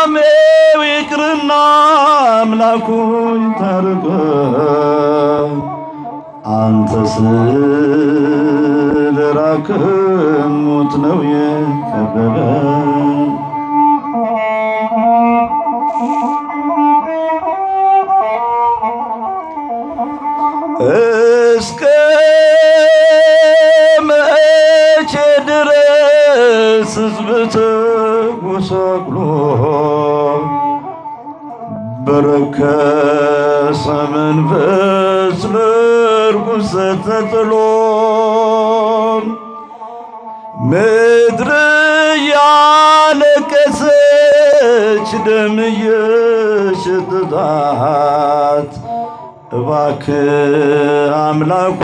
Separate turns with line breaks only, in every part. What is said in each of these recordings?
አሜው ይቅርና አምላኩኝ ታርቀ አንተ ስለራቀ ሞት ነው የከበበ እስከ መቼ ድረስ ህዝብ ተጎሳቆ በረከ በረከሰ መንፈስ በርኩሰት ተጥሎ ምድር ያለቀሰች ደም የሸተታት እባክህ አምላኩ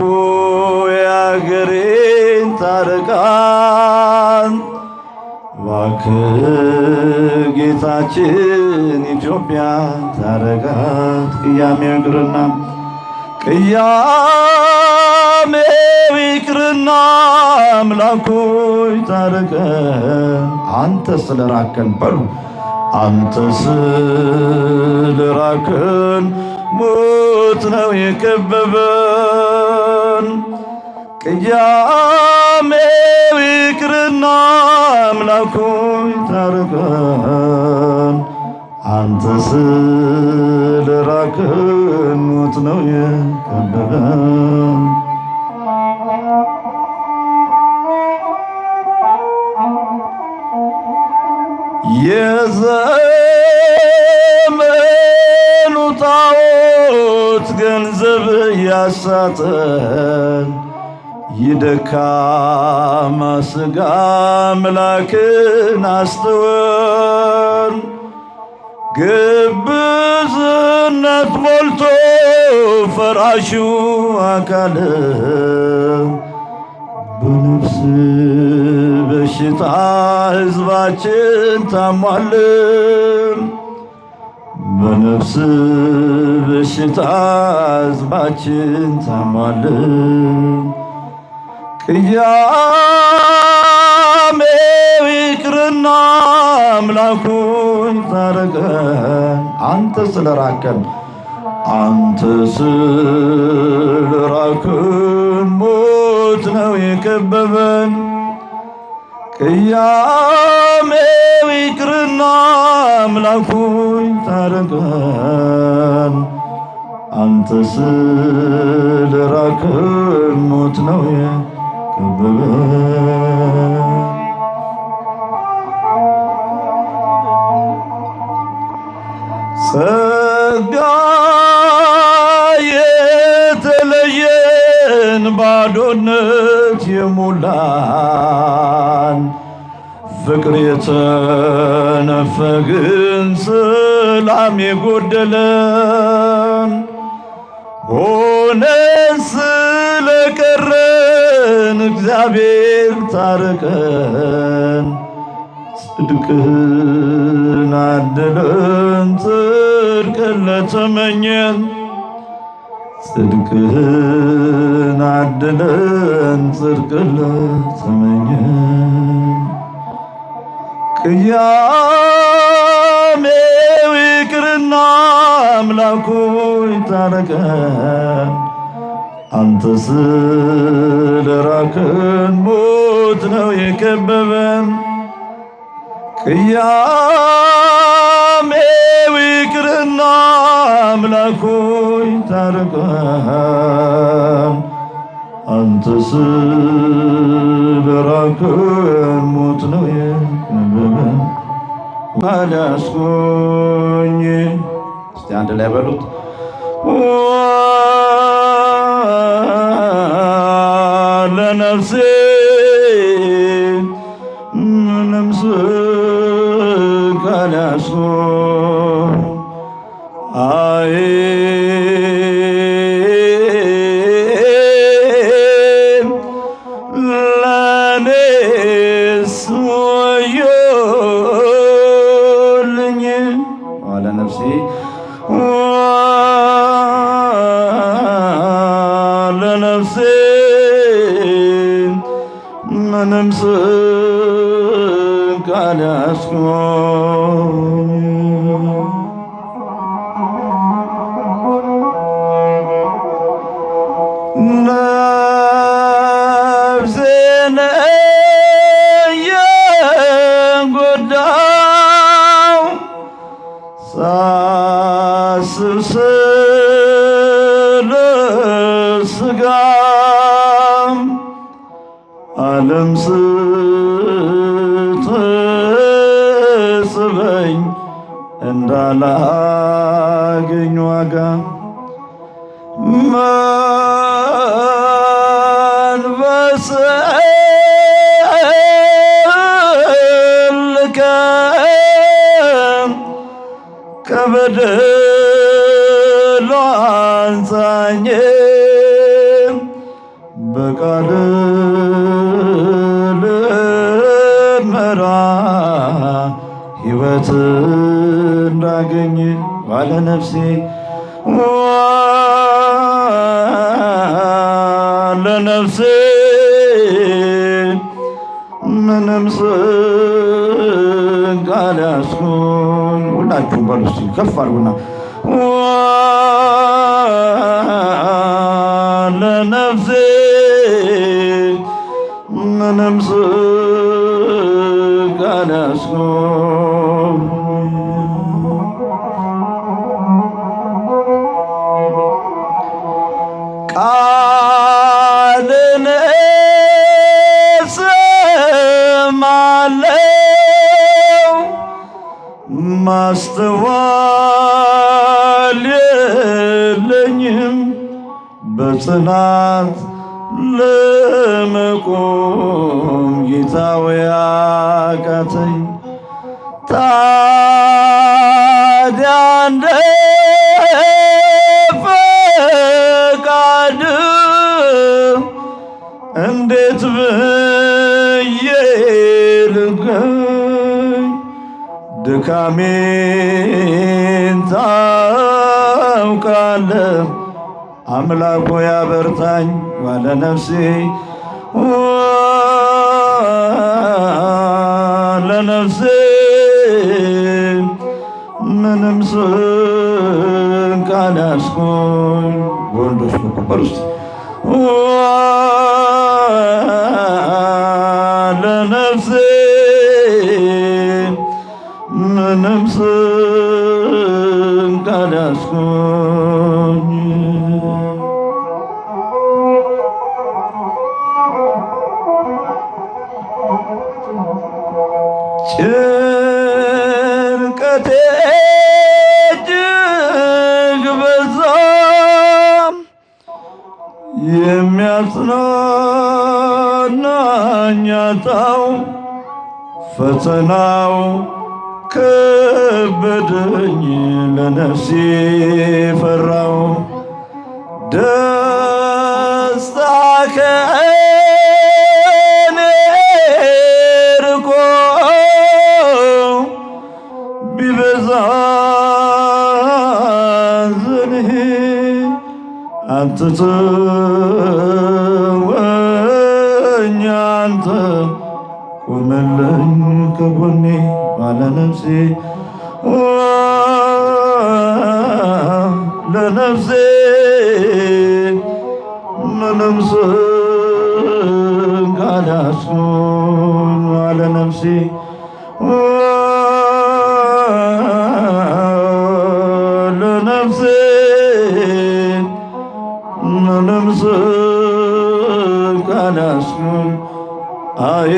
የአገሬን ታረቃ እባክህ ጌታችን ኢትዮጵያ ታረጋት ቅያሜው ይቅርና ቅያሜው ይቅርና አምላኮይ ታረቀን አንተ ስለራከን በሉ አንተ ስለራከን ሞት ነው የከበበን ቅያ ፍጻሜው ይቅርና አምላኩ ይታርቀን። አንተ ስለራቅን ሞት ነው የከበበን። የዘመኑ ጣዖት ገንዘብ ያሳጠን ይደካማ ሥጋ አምላክን አስተወን ግብዝነት ሞልቶ ፈራሹ አካል በነፍስ በሽታ ሕዝባችን ታሟል። በነፍስ በሽታ ሕዝባችን ታሟል። እያሜ ይቅርና አምላኩኝ ታረቀን አንተ ስለራቀን አንተ ስለራቀን ሞት ነው የከበበን። ቅያሜ ይቅርና አምላኩኝ ታረቀን አንተ ሞት ነው ጸጋ ባዶነት የሞላን ፍቅር የተነፈግን ሰላም የጎደለን ሆነን ስለቀረ ታርቀን እግዚአብሔር ታርቀን ጽድቅን አድለን ጽድቅን ለተመኘን ጽድቅን አድለን ጽድቅን ለተመኘን ቅያሜው ይቅርና አምላኩ ይታረቀን አንተ ስለራቀን ሞት ነው የከበበን። ቅያሜው ይቅርና አምላኮይ ታርቀን። አንተ ስለራቀን ሞት ነው የከበበን። ባዳስቆኝ እስቲ አንድ ላይ በሉት ለነፍሴ ምንም ስንኳን ያስቆም አይ Hanımsın kalas koy የሚገኝ ዋጋ መንፈስ ከበደል አንጻኝ በቃል ልመራ ሕይወት እንዳገኝ على نفسي وعلى نفسي ምንም ስቃል ያስኩኝ ሁላችሁም በሉስ ከፍ አልጉና እንዴት ብዬ ልገኝ ድካሜን ታውቃለ አምላኮ ያበርታኝ ዋለ ነፍሴ ለነፍሴ ምንም ስንቅ አልያዝኩም ወልድ ወመንፈስ ቅዱስ ማንም ስም ቃል ጭንቀቴ እጅግ በዛ የሚያጽናናኝ አጣው ፈተናው ከበደኝ ለነፍሴ ፈራው ደስታ ከእኔ ርቆ ቢበዛ አንተ ተወኝ አንተ ቆመለኝ ከጎኔ ባለነፍሴ ለነፍሴ ምንም ስንቅ አልያዝኩም ባለነፍሴ ለነፍሴ ምንም ስንቅ አልያዝኩም አይ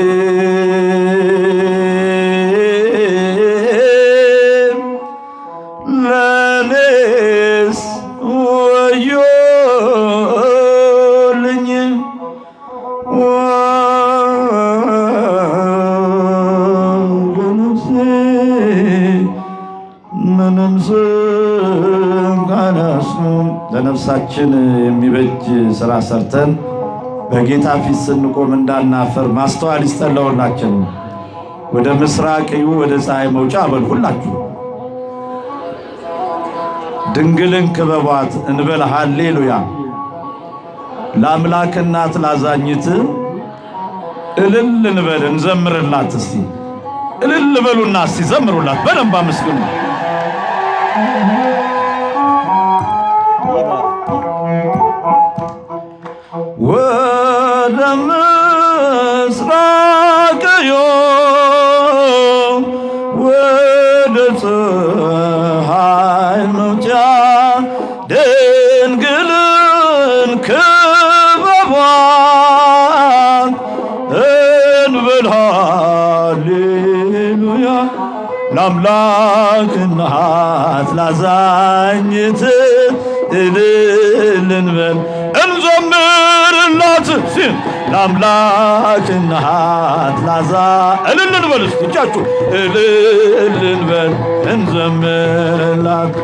ምንም ስንኳን ለነፍሳችን የሚበጅ ስራ ሰርተን በጌታ ፊት ስንቆም እንዳናፈር ማስተዋል ይስጠላውላችን። ወደ ምስራቅ እዩ፣ ወደ ፀሐይ መውጫ በል ሁላችሁ ድንግልን ክበቧት እንበል ሃሌሉያ። ለአምላክ እናት ላዛኝት እልል እንበል እንዘምርላት እስቲ እልል በሉና እስቲ ዘምሩላት፣ በደንብ አመስግኑ። ለአምላክ እናት ላዛኝት እልል እንበል እንዘምርላት ሲል ለአምላክ እናት ላዛ እልል እንበል እስቲ እጃችሁ እልል እንበል እንዘምርላት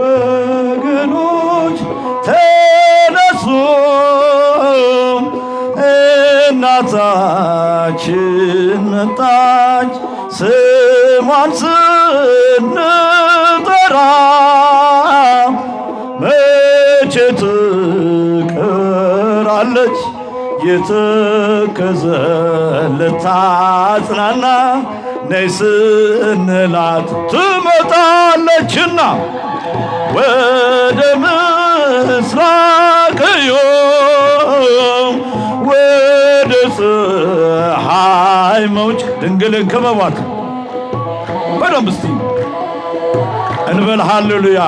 ወገኖች ተነሱ እናታችን መጣች ስሟን ስንጠራ መቼ ትቀራለች የተከዘለት ታጽናና ነይ ስንላት ትመጣለችና ወደ ምስራቅ ዮ ፀሐይ መውጭ ድንግልን ክበቧት በደንብ እስቲ እንበል ሃሌሉያ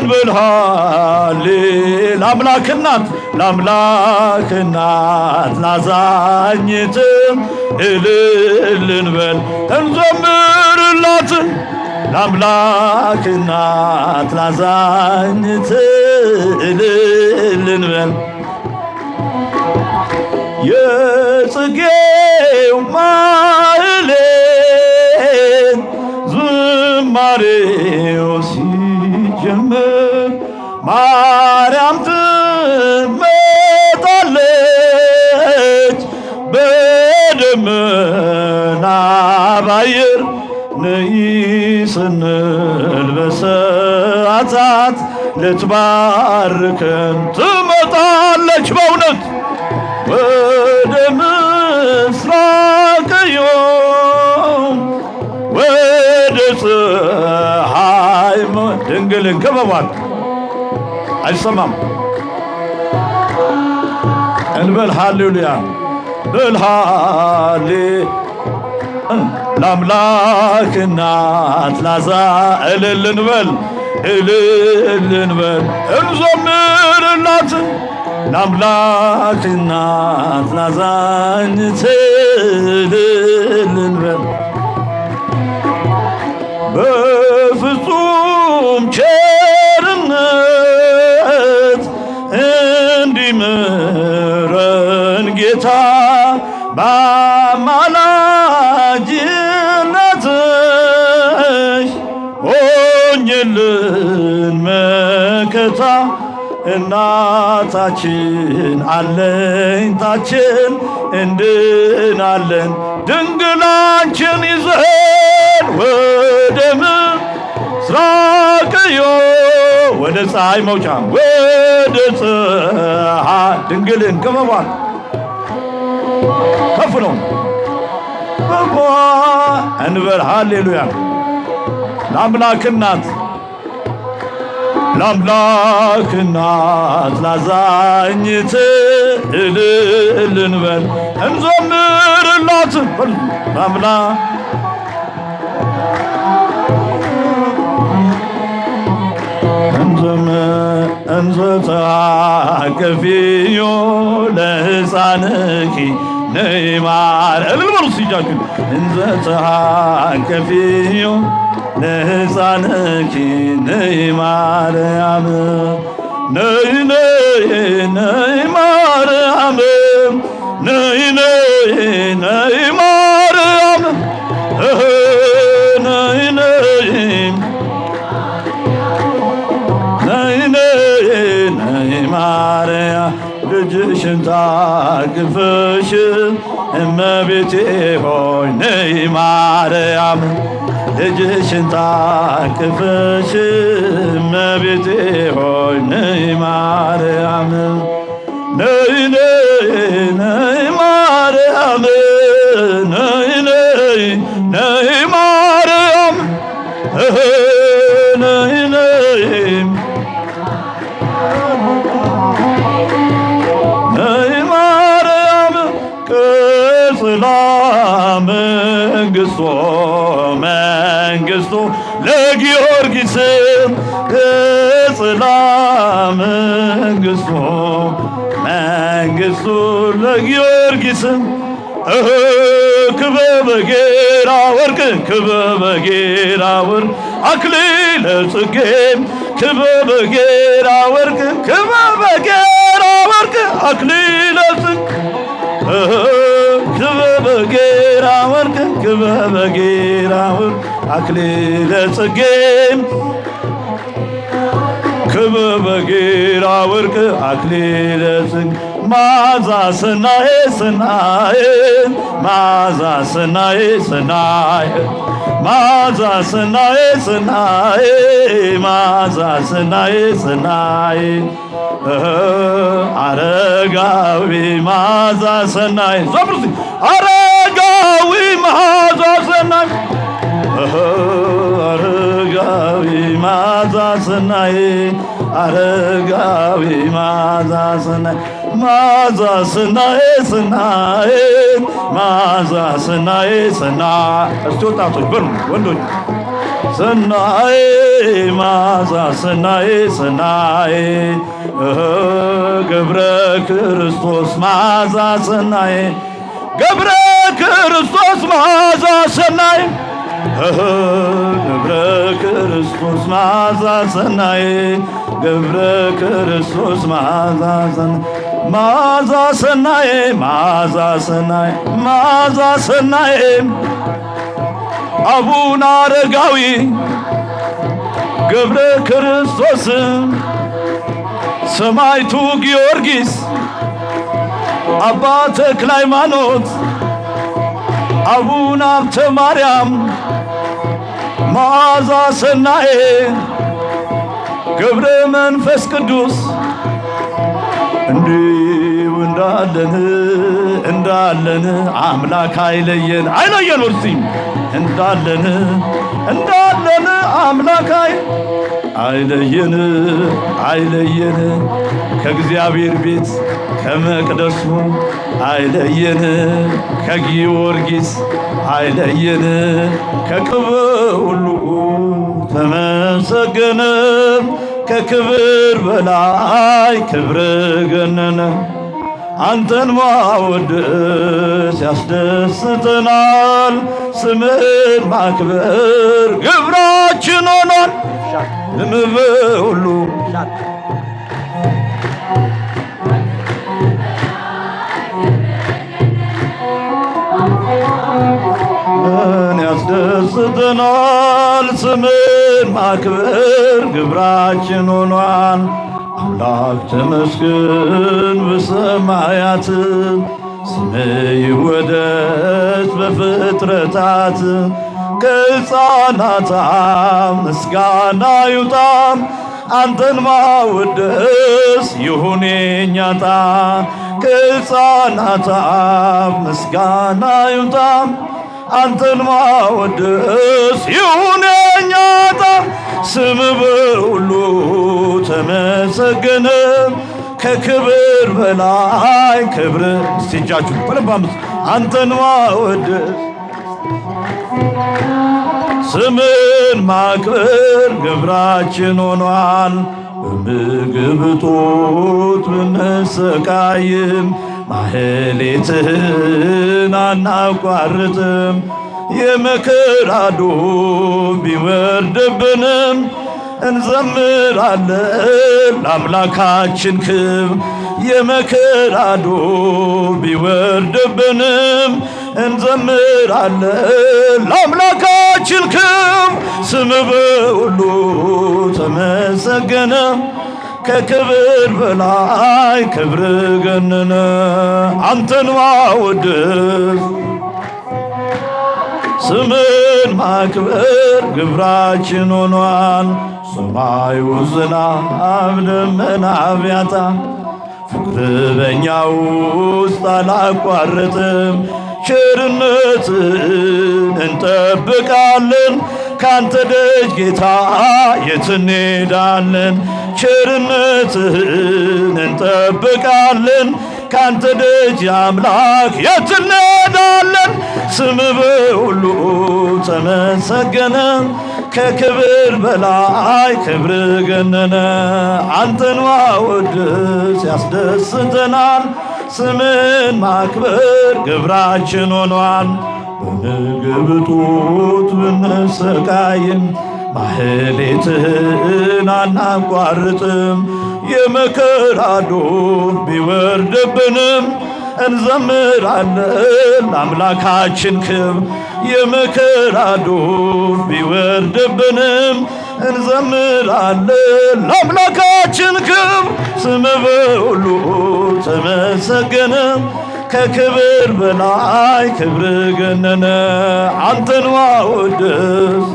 እንበል ሃሌ ለአምላክ እናት ለአምላክ እናት ናዛኝትም እልል እንበል እንዘምርላት ለአምላክ እናት ናዛኝት እልል እንበል የጽጌው ማህሌት ዝማሬው ሲጀምር ማርያም ትመጣለች በደመና ባየር ነይ ስንል በሰዓታት ልትባርከን ትመጣለች በእውነት ወደ ምስራቅ ዮም ወደ ፀሐይ ድንግልን ክበቧት አይሰማም እንበል ሃሌሉያ በል ሃሌ ለአምላክ እናት ላዛ እልል እንበል እልል እንበል ለአምላክ እናት ናዛኝት ልንበል በፍጹም ቸርነት እንዲምረን ጌታ በአማላጅነትሽ ሆኝልን መከታ እናታችን አለኝታችን እንድናለን ድንግላችን ይዘን ወደ ምስራቅዮ ወደ ፀሐይ መውጫ ወደ ፀሐይ ድንግልን ቅመሟል ከፍ ነው እንበል ሃሌሉያ ለአምላክ እናት ለአምላክ እናት ላዛኝት እልል እንበል እንዘምርላት በምላ እንዘተአቀፊዮ ለሕፃንኪ ነይማር እልል በሉ ሲጃችሁ እንዘተአቀፊዮ ንህፃንኪ ነይ ማርያም ነይ ነይ ነይ ማርያም ነይ ነይ ነይ ማርያም ነይ ነይ ነይ ነይ ነይ ማርያም ልጅሽን ታቅፍሽ እመቤቴ ሆይ ነይ ማርያም እጅሽን ታቅፈሽ እመቤቴ ሆይ ነይ ማርያም ነይ ነይ ነይ ማርያም ነይ ነይ ነይ ማርያም ነይ ነይ ነይ ማርያም ቅጽላ መንግሥቶ ገዝቶ ለጊዮርጊስ እጽላ መንግስቱ መንግስቱ ለጊዮርጊስ ክበበ ጌራ ወርቅ ክበበ ጌራ ወርቅ አክሊለ ጽጌ ክበበ ጌራ ወርቅ ክበበ ጌራ ወርቅ አክሊለ ክበበ ጌራ ወርቅ ክበበ ጌራ ወርቅ አክሊለ ጽጌ ክብበ ጊራ ወርቅ አክሊለ ጽጌ ማዛ ስናዬ ስናዬ ማዛ ስናዬ ስናዬ ማዛ ስናዬ ስናዬ ማዛ ስናዬ ስናዬ አረጋዊ ማዛ ስናዬ ዞብርሲ አረጋዊ ማዛ ስናዬ አረጋዊ ማዛ ስናይ አረጋዊ ማዛ ስናይ ማዛ ስናይ ስናይ ማዛ ስናይ ስና እስቲ ወጣቶች በሉ ወንዶች ስናይ ማዛ ስናይ ስናይ ገብረ ክርስቶስ ማዛ ስናይ ገብረ ክርስቶስ ማዛ ስናይ ግብረ ክርስቶስ መዓዛ ሰናይ ግብረ ክርስቶስ መዓዛ ሰናይ መዓዛ ሰናይ መዓዛ ሰናይ መዓዛ ሰናይ አቡነ አረጋዊ ገብረ ክርስቶስ ሰማይቱ ጊዮርጊስ አባ ተክለ ሃይማኖት አቡነ ሀብተ ማርያም መዓዛ ሰናዬ ገብረ መንፈስ ቅዱስ እንዲሁ እንዳለን እንዳለን አምላክ አይለየን አይለየን ወርሲ እንዳለን እንዳለን አምላክ አይ አይለየን አይለየን ከእግዚአብሔር ቤት ከመቅደሱ አይለየን ከጊዮርጊስ አይለየን ከክብር ሁሉ ተመሰገነ ከክብር በላይ ክብር ገነነ አንተን ማወደስ ያስደስተናል። ስምን ማክበር ግብራችን ሆኗል። ምብ ሁሉ አንጽተናል ስምን ማክበር ግብራችን ሆኗል። አምላክ ተመስገን በሰማያት ስም ይወደስ በፍጥረታት ከሕፃናት ምስጋና ይውጣም አንተን ማወደስ ይሁን የኛ ዕጣ ከሕፃናት ምስጋና ይውጣም አንተን ማወደስ ይሁን የኛ ስም በሁሉ ተመሰገነ ከክብር በላይ ክብር ሲጃችሁ በለባምስ አንተን ማወደስ ስምን ማክበር ግብራችን ሆኗል። በምግብ እጦት ብንሰቃይም ማህሌትህን አናቋርጥም። የመከራ ዶፍ ቢወርድብንም እንዘምራለን ለአምላካችን ክብር። የመከራ ዶፍ ቢወርድብንም እንዘምራለን ለአምላካችን ክብር። ስም በሁሉ ተመሰገነ ከክብር በላይ ክብር ገነነ አንተን ማወደስ ስምን ማክበር ግብራችን ሆኗል። ሰማዩ ዝናብ ደመና ቢያጣ ፍቅር በኛ ውስጥ አላቋረጥም። ቸርነትን እንጠብቃለን ካንተ ደጅ ጌታ የት እንሄዳለን? ቸርነትህን እንጠብቃለን። ካንተ ደጅ አምላክ የት እንሄዳለን? ስም በሁሉ ተመሰገነ፣ ከክብር በላይ ክብር ገነነ። አንተን ማወደስ ያስደስተናል፣ ስምን ማክበር ግብራችን ሆኗል። በንግብቱት ብንሰቃይም ማህሌትህን አናቋርጥም። የመከራ ዶፍ ቢወርድብንም እንዘምራለን አምላካችን ክብ የመከራ ዶፍ ቢወርድብንም እንዘምራለን ለአምላካችን ክብር። ስምህ በሁሉ ተመሰገነ። ከክብር በላይ ክብር ገነነ አንተን ማወደስ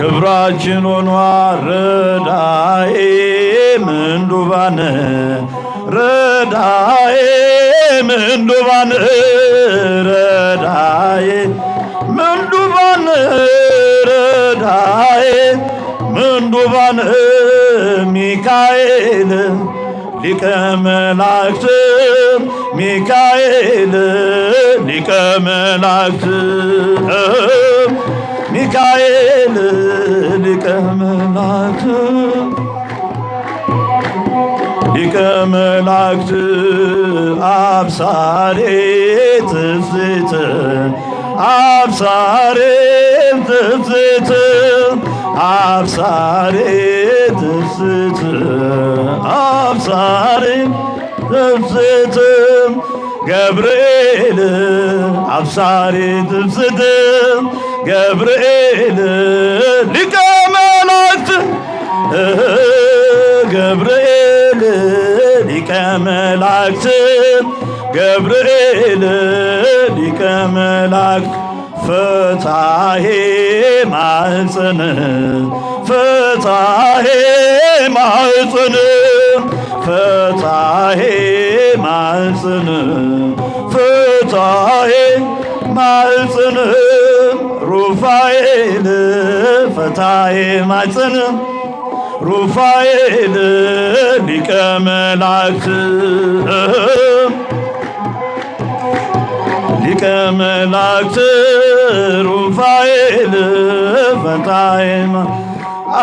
ክብራችን ሆኗል ረዳዬ ምንዱባን ረዳዬ ምንዱባን ረዳዬ ምንዱባን ረዳዬ ምንዱባን ሚካኤል ሊቀ መላእክት ሚካኤል ሊቀ መላእክት ሚካኤል ሊቀ መላእክት ሊቀ መላእክት አብሳሬ ትፍት አብሳሬ ፍፍት አብሳሪ ትፍት አብሳሪ ትፍት ገብርኤል አብሳሪ ትፍት ገብርኤል ሊቀ መላእክት ገብርኤል ሊቀ መላእክት ገብርኤል ሊቀ መላእክት ፍታሄ ማጽን ፍታሄ ማጽን ፍታሄ ማጽን ፍታሄ ማሕፀን ሩፋኤል ፍታሄ ማሕፀን ሩፋኤል ሊቀ መላእክት ሊቀ መላእክት ሩፋኤል ፈጣይማ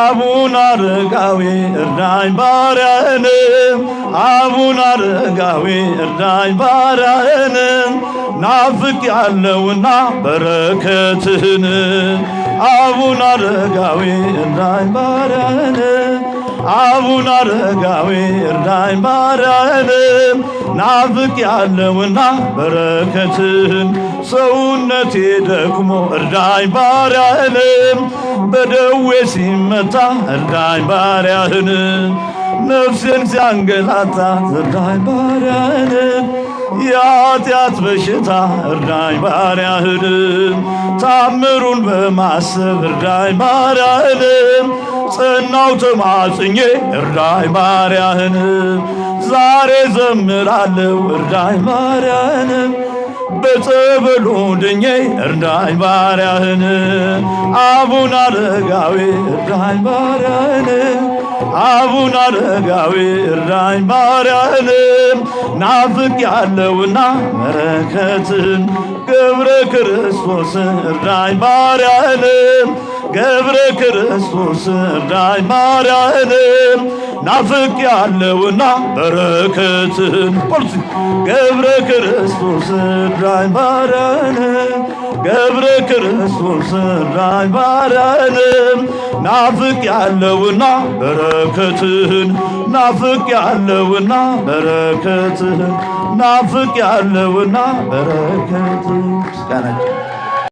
አቡነ አረጋዊ እርዳኝ ባሪያህን አቡነ አረጋዊ እርዳኝ ባሪያህን ናፍቅ ያለውና በረከትህን አቡነ አረጋዊ እርዳኝ ባሪያህን አቡነ አረጋዊ እርዳኝ ባሪያህን ናፍቅ ያለውና በረከትህን ሰውነቴ ደክሞ እርዳኝ ባሪያህን በደዌ ሲመታ እርዳኝ ባሪያህን ነፍሴን ሲያንገላታ እርዳኝ ባርያህን የኃጢአት በሽታ እርዳኝ ባርያህን ታምሩን በማሰብ እርዳኝ ባርያህን ጽናው ተማጽኜ እርዳኝ ባርያህን ዛሬ ዘምራለው እርዳኝ ባርያህን በጸበሉ ድኜ እርዳኝ ባሪያህን አቡነ አረጋዊ እርዳኝ ባሪያህን አቡነ አረጋዊ እርዳኝ ባሪያህን ናፍቅ ያለውና በረከትን ገብረ ክርስቶስን እርዳኝ ባሪያህን ገብረ ክርስቶስ እርዳኝ ማርያንም ናፍቅ ያለውና በረከትን ቆልሲ ገብረ ክርስቶስ እርዳኝ ማርያንም ገብረ ክርስቶስ እርዳኝ ማርያንም ናፍቅ ያለውና በረከትን ናፍቅ ያለውና በረከትን ናፍቅ ያለውና በረከትን ስጋናቸው